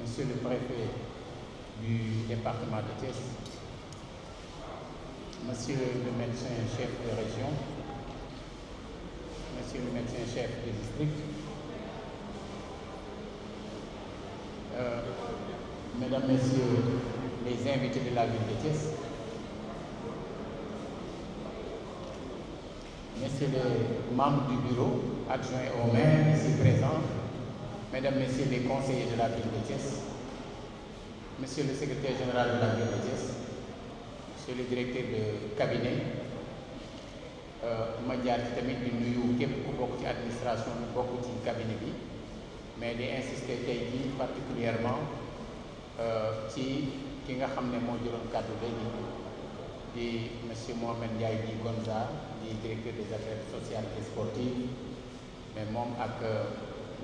monsieur le préfet du département de Thiès, monsieur le médecin chef de région, monsieur le médecin chef de district, euh, mesdames, messieurs les invités de la ville de Thiès, Monsieur les membres du bureau adjoint au maire ici présents, Mesdames, Messieurs les conseillers de la ville de Thiès, Monsieur le secrétaire général de la ville de Thiès, Monsieur le directeur de cabinet euh, je suis ci tamit di beaucoup képp beaucoup de ci cabinet mais j'ai insister particulièrement euh, ci ki nga xam ne dit Mohamed Ndiaye di Gonza directeur des affaires sociales et sportives mais moom ak euh,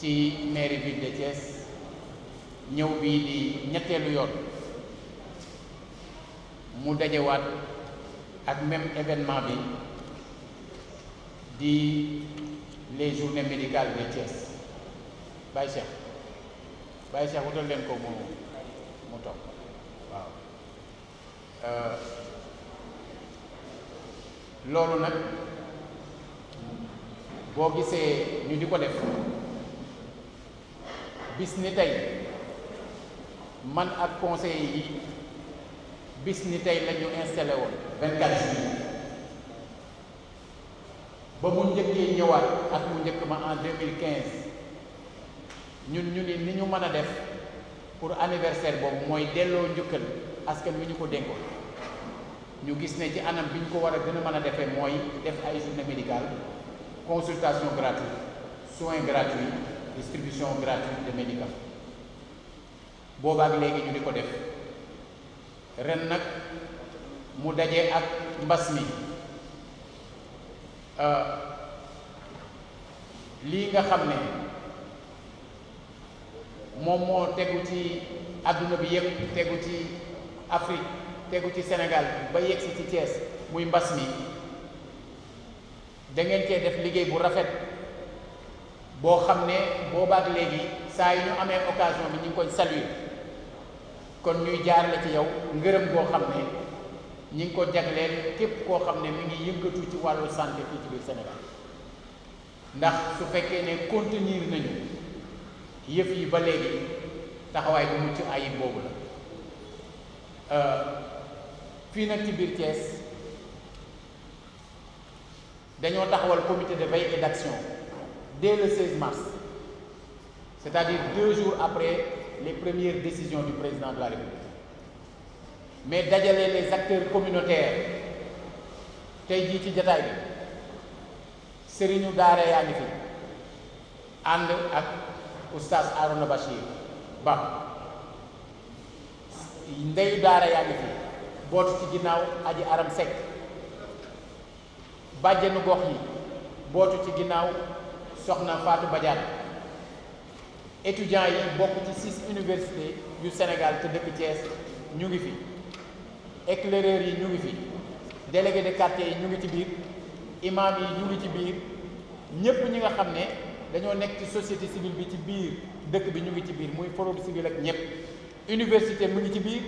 ci mairie ville de Thiès ñëw bii di ñetteelu yoon mu dajewaat ak même événement bi di les journées médicales de Thiès Baye Cheikh Baye Cheikh wutal leen ko mu mu toog waaw euh, loolu nag boo gisee ñu di ko def bis ni tey man ak conseillers yi bis ni tey la ñu installé woon 24 juillet ba mu njëkkee ñëwaat ak mu njëkk ma en 2015 ñun ñu ni ni ñu mën a def pour anniversaire boobu mooy delloo njukkal askan wi ñu ko dénkoon ñu gis ne ci anam bi ñu ko war a gën a mën a defee mooy def ay journée médicale consultation gratuite soins gratuits distribution gratuite de médicaments boobaak léegi ñu di ko def ren nag mu daje ak mbas mi euh, nga Afrique Tegouti Sénégal ba yegsi ci Thiès muy mbas da ngeen def liggéey bu rafet boo xam ne boobaak léegi saa yu ñu amee occasion bi ñu ngi koy saluer kon ñuy jaar la ci yow ngërëm boo xam ne ñi ngi ko jagleel képp koo xam ne mi ngi yëngatu ci wàllu santé fii ci biir Sénégal ndax su fekkee ne contenir nañu yëf yi ba léegi taxawaay bu mucc ayib boobu la euh, fii nag ci biir Thiès dañoo taxawal comité de veille dès le 16 mars, c'est-à-dire deux jours après les premières décisions du président de la République. Mais d'ailleurs, les acteurs communautaires Tejiti Tidjataï, ci jataay bi sëriñu daara fi oustaz Aruna Bachir Ba ndeyu daara yaa fi ci aram soxna Fatou Badiane étudiants yi bokk ci six universités du Sénégal te dëkk Thiès ñu ngi fi éclaireurs yi ñu ngi fi délégués de quartier yi ñu ngi ci biir imam yi ñu ngi ci biir ñépp ñi nga xam ne dañoo nekk ci société civile bi ci biir dëkk bi ñu ngi ci biir muy forum civil ak ñépp université mu ngi ci biir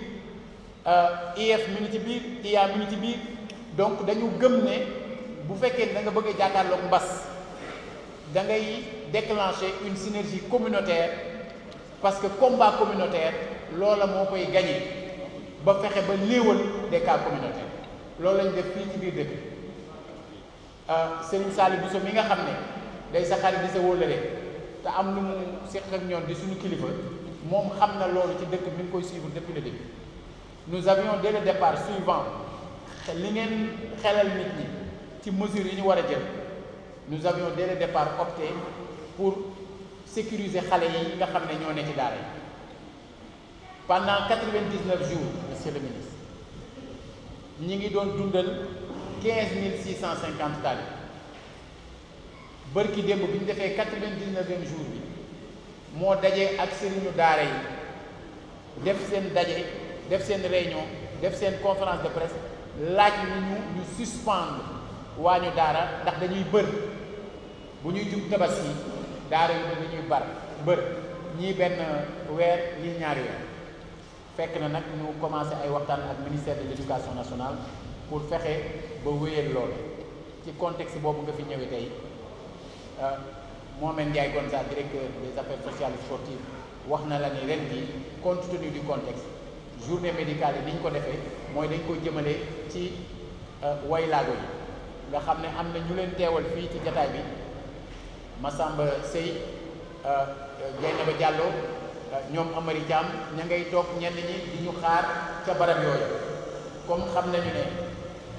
euh, IF mu ngi ci biir IA mu ngi ci biir donc dañu gëm ne bu fekkee da nga bëgg a jàkkaarloog mbas d'angay déclencher une synergie communautaire parce que combat communautaire lola ce koy gagné ba fexé ba des cas communautaires loolu def ci euh, Serigne mi nga day am ak di suñu kilifa depuis le début nous avions dès le départ suivant ce ngeen xelal nit ñi nous avions dès le départ opté pour sécuriser les enfants qui sont dans Pendant 99 jours, Monsieur le Ministre, nous avons donné 15 650 talibs. Burki Dembo, qui a fait 99 ème jour, qui a fait accéléré nos darés, qui a fait une réunion, qui une conférence de presse, là, nous suspendons wañu daara ndax dañuy bër bu ñuy jub tabaski daara yi dañuy bar bër ñii benn weer ñi ñaari weer fekk na nag ñu commencé ay waxtaan ak ministère de l' éducation nationale pour fexe ba wéyal loolu ci contexte boobu nga fi ñëwee tey euh, Mohamed Ndiaye Gonza directeur des affaires sociales et sportives wax na la ni ren bi compte tenu du contexte journée médicale yi ni ñu ko defee mooy dañ ko jëmale ci euh, waylaago yi nga xam ne am na ñu leen teewal fii ci jataay bi Massamba Sey euh, Dieynaba jàlloo euh, ñoom Amari Thiam ña ngay toog ñenn ñi di ñu xaar ca barab yooyu comme xam nañu ne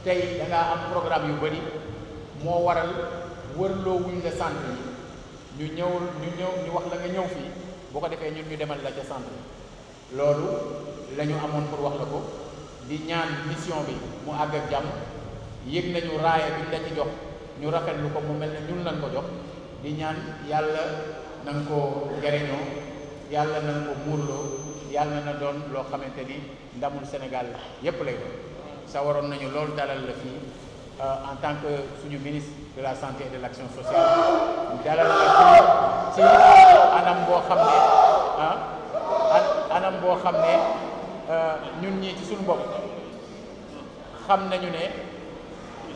tey da am programme yu bari moo waral wërloo wuñ la centre yi ñu ñëwul ñu ñëw ñu wax la nga ñëw fii boo ko defee ñun ñu demal la ca centre loolu la ñu amoon pour wax la ko di ñaan mission bi mu àgg ak jàmm yëg nañu raaya bi ñu la ci jox ñu lu ko mu mel ne ñun lañ ko jox di ñaan yàlla na ko jariñoo yàlla na nga ko muurloo yàlla na doon loo xamante ni ndamul Sénégal yépp lay doon sa waroon nañu loolu dalal la fii euh, en tant que suñu ministre de la santé de l'action sociale dalal la fii ci anam boo xam ne ah anam boo xam ne euh, ñun ñii ci suñu bopp xam nañu ne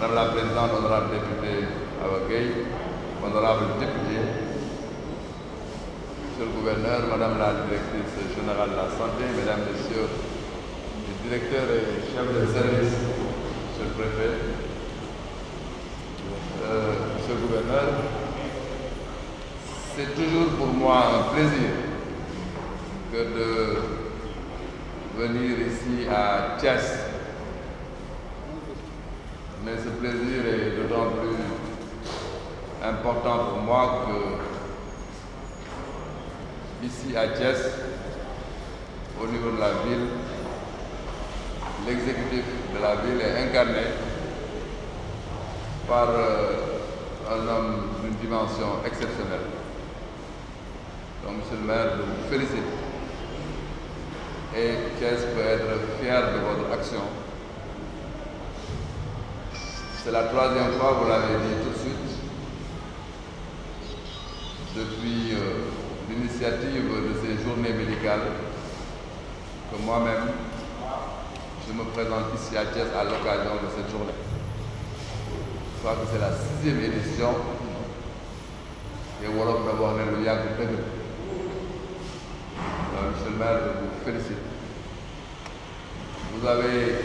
Madame la Présidente, honorable député Avakei, honorable député, Monsieur le Gouverneur, Madame la Directrice Générale de la Santé, Mesdames, Messieurs les directeurs et chefs de service, Monsieur le Préfet, euh, Monsieur le Gouverneur, c'est toujours pour moi un plaisir de venir ici à Thiès mais ce plaisir est d'autant plus important pour moi que ici à Thiès, au niveau de la ville, l'exécutif de la ville est incarné par euh, un homme d'une dimension exceptionnelle. Donc, monsieur le maire, je vous félicite et Thiès peut être fier de votre action. C'est la troisième fois, vous l'avez dit tout de suite, depuis euh, l'initiative de ces journées médicales, que moi-même, je me présente ici à Thiès à l'occasion de cette journée. Je crois que c'est la sixième édition. Et voilà avoir le Yag de Monsieur le maire, je vous félicite. Vous avez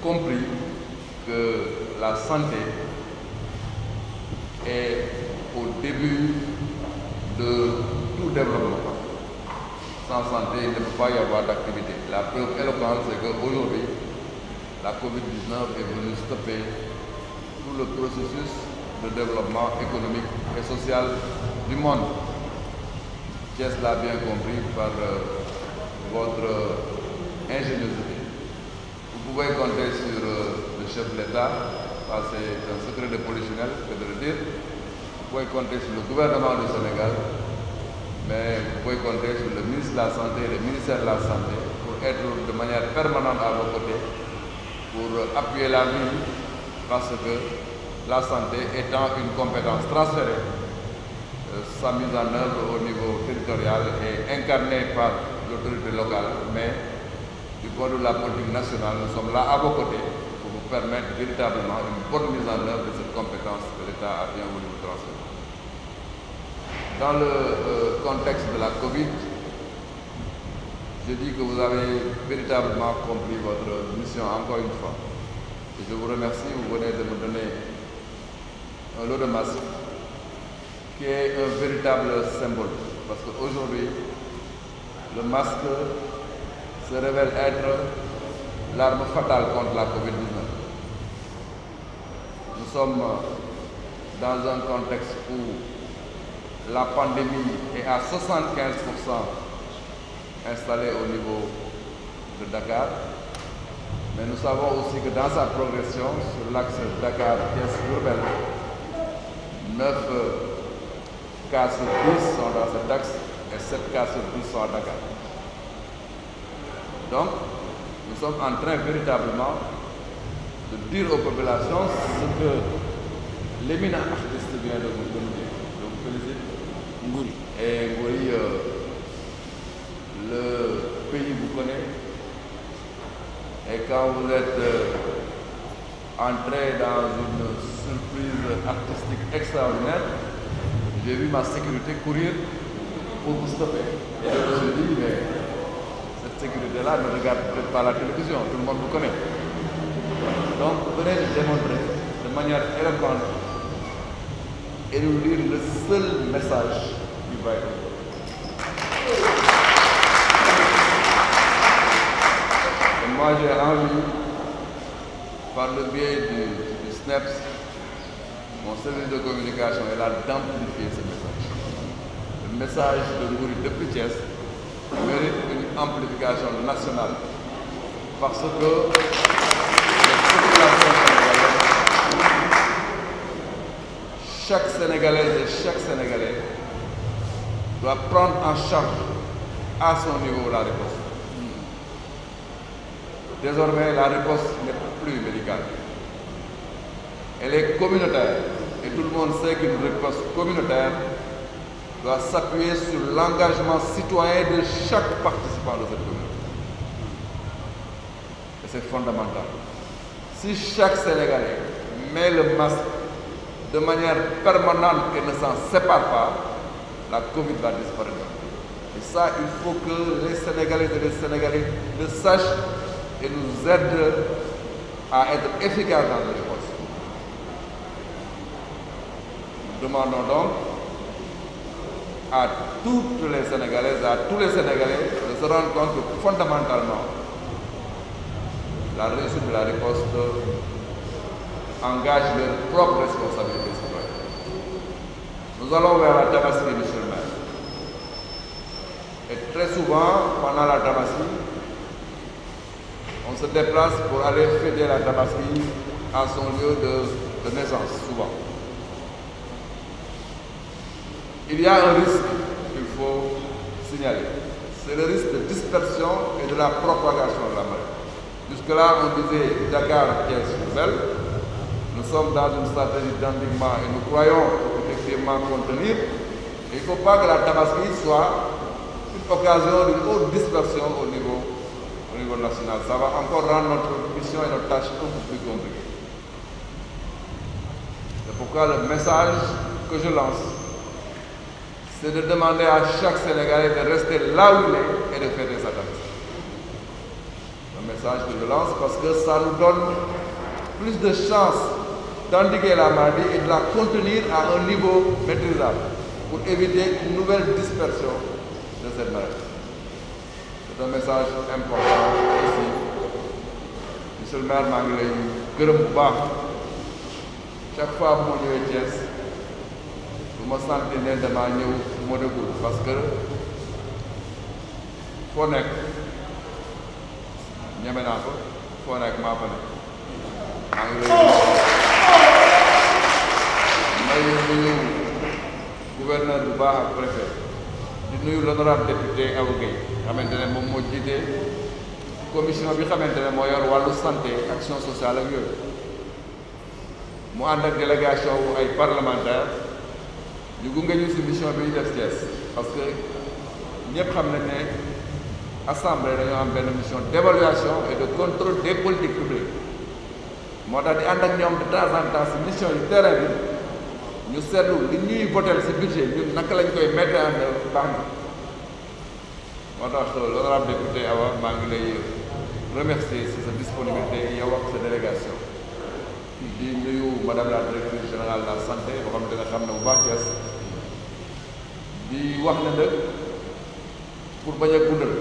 compris que la santé est au début de tout développement. Sans santé, il ne peut pas y avoir d'activité. La preuve éloquente, c'est qu'aujourd'hui, la COVID-19 est venue stopper tout le processus de développement économique et social du monde. J'ai là bien compris par euh, votre ingéniosité. Vous pouvez compter sur euh, chef de l'État, c'est un secret de politionnel, je peux le dire. Vous pouvez compter sur le gouvernement du Sénégal, mais vous pouvez compter sur le ministre de la Santé et le ministère de la Santé pour être de manière permanente à vos côtés, pour appuyer la ville, parce que la santé étant une compétence transférée, euh, sa mise en œuvre au niveau territorial est incarnée par l'autorité locale, mais du côté de la politique nationale, nous sommes là à vos côtés permettre véritablement une bonne mise en œuvre de cette compétence que l'État a bien voulu vous transmettre. Dans le euh, contexte de la Covid, je dis que vous avez véritablement accompli votre mission encore une fois. je vous remercie, vous venez de me donner un lot de masques qui est un véritable symbole. Parce qu'aujourd'hui, le masque se révèle être l'arme fatale contre la Covid-19 sommes dans un contexte où la pandémie est à 75% installée au niveau de Dakar. Mais nous savons aussi que dans sa progression sur l'axe dakar pièce roubaix 9 cas sur 10 sont dans cet axe et 7 cas sur 10 sont à Dakar. Donc, nous sommes en train véritablement de dire aux populations ce que l'éminent artiste vient de vous dire. Donc félicite Ngouri. Et Ngouri, euh, le pays vous connaît. Et quand vous êtes euh, entré dans une surprise artistique extraordinaire, j'ai vu ma sécurité courir pour vous stopper. Et je me suis dit, mais cette sécurité-là ne regarde peut-être pas la télévision, tout le monde vous connaît donc venez de démontrer de manière éloquente et nous lire le seul message du Bible. Et moi j'ai envie, par le biais du, Snaps, mon service de communication est là d'amplifier ce message. Le message de Mouri de Thiès mérite une amplification nationale parce que chaque Sénégalaise et chaque Sénégalais doit prendre en charge à son niveau la réponse. Désormais, la réponse n'est plus médicale. Elle est communautaire et tout le monde sait qu'une réponse communautaire doit s'appuyer sur l'engagement citoyen de chaque participant de cette communauté. Et c'est fondamental. Si chaque Sénégalais met le masque de manière permanente et ne s'en sépare pas, la Covid va disparaître. Et ça, il faut que les Sénégalais et les Sénégalais le sachent et nous aident à être efficaces dans nos réponses. Nous demandons donc à toutes les Sénégalaises, à tous les Sénégalais de se rendre compte que fondamentalement, la réussite de la réponse engagent leur propre responsabilité citoyennes. Nous allons vers la Damasie, monsieur le Et très souvent, pendant la Damasie, on se déplace pour aller fêter la Damasie à son lieu de, naissance, souvent. Il y a un risque qu'il faut signaler. C'est le risque de dispersion et de la propagation de la maladie. Jusque-là, on disait Dakar, qui est nous sommes dans une stratégie d'endiguement et nous croyons effectivement contenir. Il ne faut pas que la tabasquie soit une occasion d'une haute dispersion au niveau, au niveau national. Ça va encore rendre notre mission et notre tâche beaucoup plus compliquées. C'est pourquoi le message que je lance, c'est de demander à chaque Sénégalais de rester là où il est et de faire des attaques. Le message que je lance parce que ça nous donne plus de chances d'endiguer la maladie et de la contenir à un niveau maîtrisable pour éviter une nouvelle dispersion de cette maladie. C'est un message important ici. Monsieur le maire chaque fois que vous ñëwee Thiès me ma sentir ne bien ñëw bu parce que Je nekk ñeme naa vous ay nuyu gouverneur bu baax ak préfet di nuyu l'honorable député Awa xamante ne moom moo jiite commission bi xamante ne moo yor wàllu santé action sociale ak yooyu mu ànd ak délégation wu ay parlementaire ñu gunge ñu si mission bi ñu def Thiès parce que ñëpp xam nañ ne assemblée dañoo am benn mission d'évaluation et de contrôle des politiques publiques moo tax di ànd ak ñoom de temps en temps mission yu terrain ñu seetlu li ñuy votel si budget ñun naka lañ koy mettre en œuvre baax na moo tax l'honorable député Awa maa ngi lay remercier si sa disponibilité yow ak sa délégation di nuyu madame la directrice générale la santé boo xam ne nga xam ne bu baax Thiès di wax ne pour bañ a guddal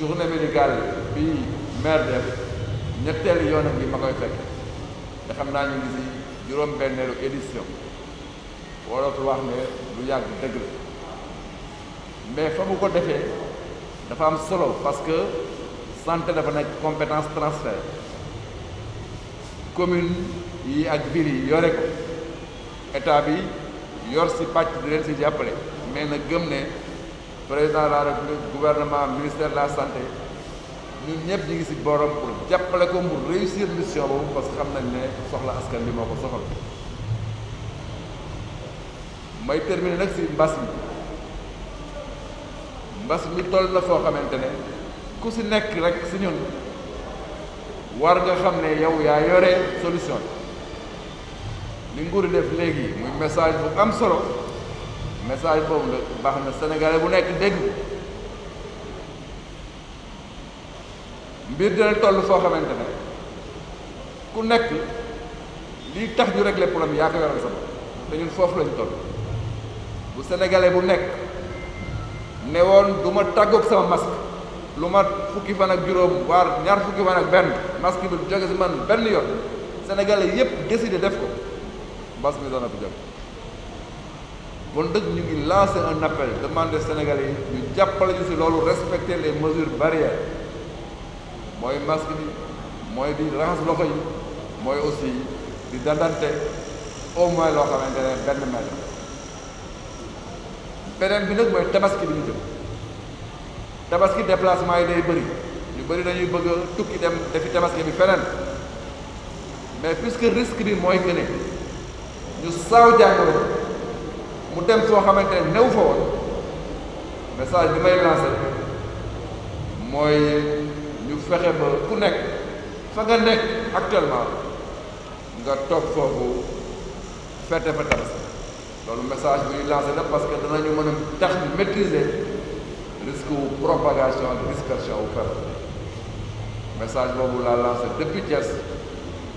journée médicale bi maire def yoonam bi ma koy fekk nga xam naa ñu ngi juróom-benneelu édition warootu wax ne lu yàgg dëgg la mais fa mu ko defee dafa am solo parce que santé dafa nekk compétence transfert commune yi ak ville yi yore ko état bi yor si pàcc di leen si jàppale mais na gëm ne président laa la république gouvernement ministère la santé ñun ñëpp ñu ngi si borom pour jàppale ko mu réussir mission boobu parce que xam nañ ne soxla askan bi moo ko soxal may terminer nag si mbas mi mbas mi toll na foo xamante ne ku si nekk rek si ñun war nga xam ne yow yaa yore solution li nguur def léegi muy message bu am solo message boobu nag baax na sénégalais bu nekk dégg biir dina toll foo xamante ne ku nekk lii tax ñu régler problème yaa ko yoral sa bopp te ñun foofu lañu toll bu sénégalais bu nekk ne woon duma tàggook tàggoog sama masque lu ma fukki fan ak juróom waar ñaar fukki fan ak benn masque bi du jóge si man benn yoon sénégalais yépp décidé def ko mbas mi doona ko jóg bon dëgg ñu ngi lancer un appel demander sénégalais yi ñu jàppale ñu si loolu respecter les mesures barrières mooy masque bi mooy di raxas loxo yi mooy aussi di dandante au moins loo xamante ne benn mètre beneen bi nag mooy tabaski bi ñu jëm tabaski déplacement yi day bëri ñu bëri dañuy bëgg a tukki dem defi tabaski bi feneen mais puisque risque bi mooy que ne ñu saaw jàngoro mu dem soo xamante ne newu fa woon message bi may lancé mooy fexe ba ku nekk fa nga nekk actuellement nga toog foofu fete fa tabaski loolu message bu ñu lancé la parce que danañu mën a tax maîtriser risque wu propagation ak dispersion wu feebar message boobu laa lancé depuis Thiès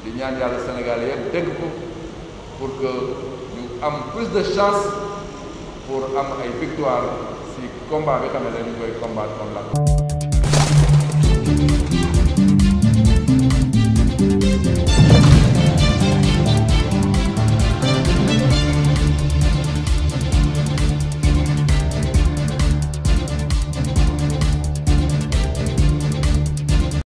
di ñaan yàlla Sénégal yëpp dégg ko pour que ñu am plus de chance pour am ay victoire si combat bi xam ne dañu koy combattre comme la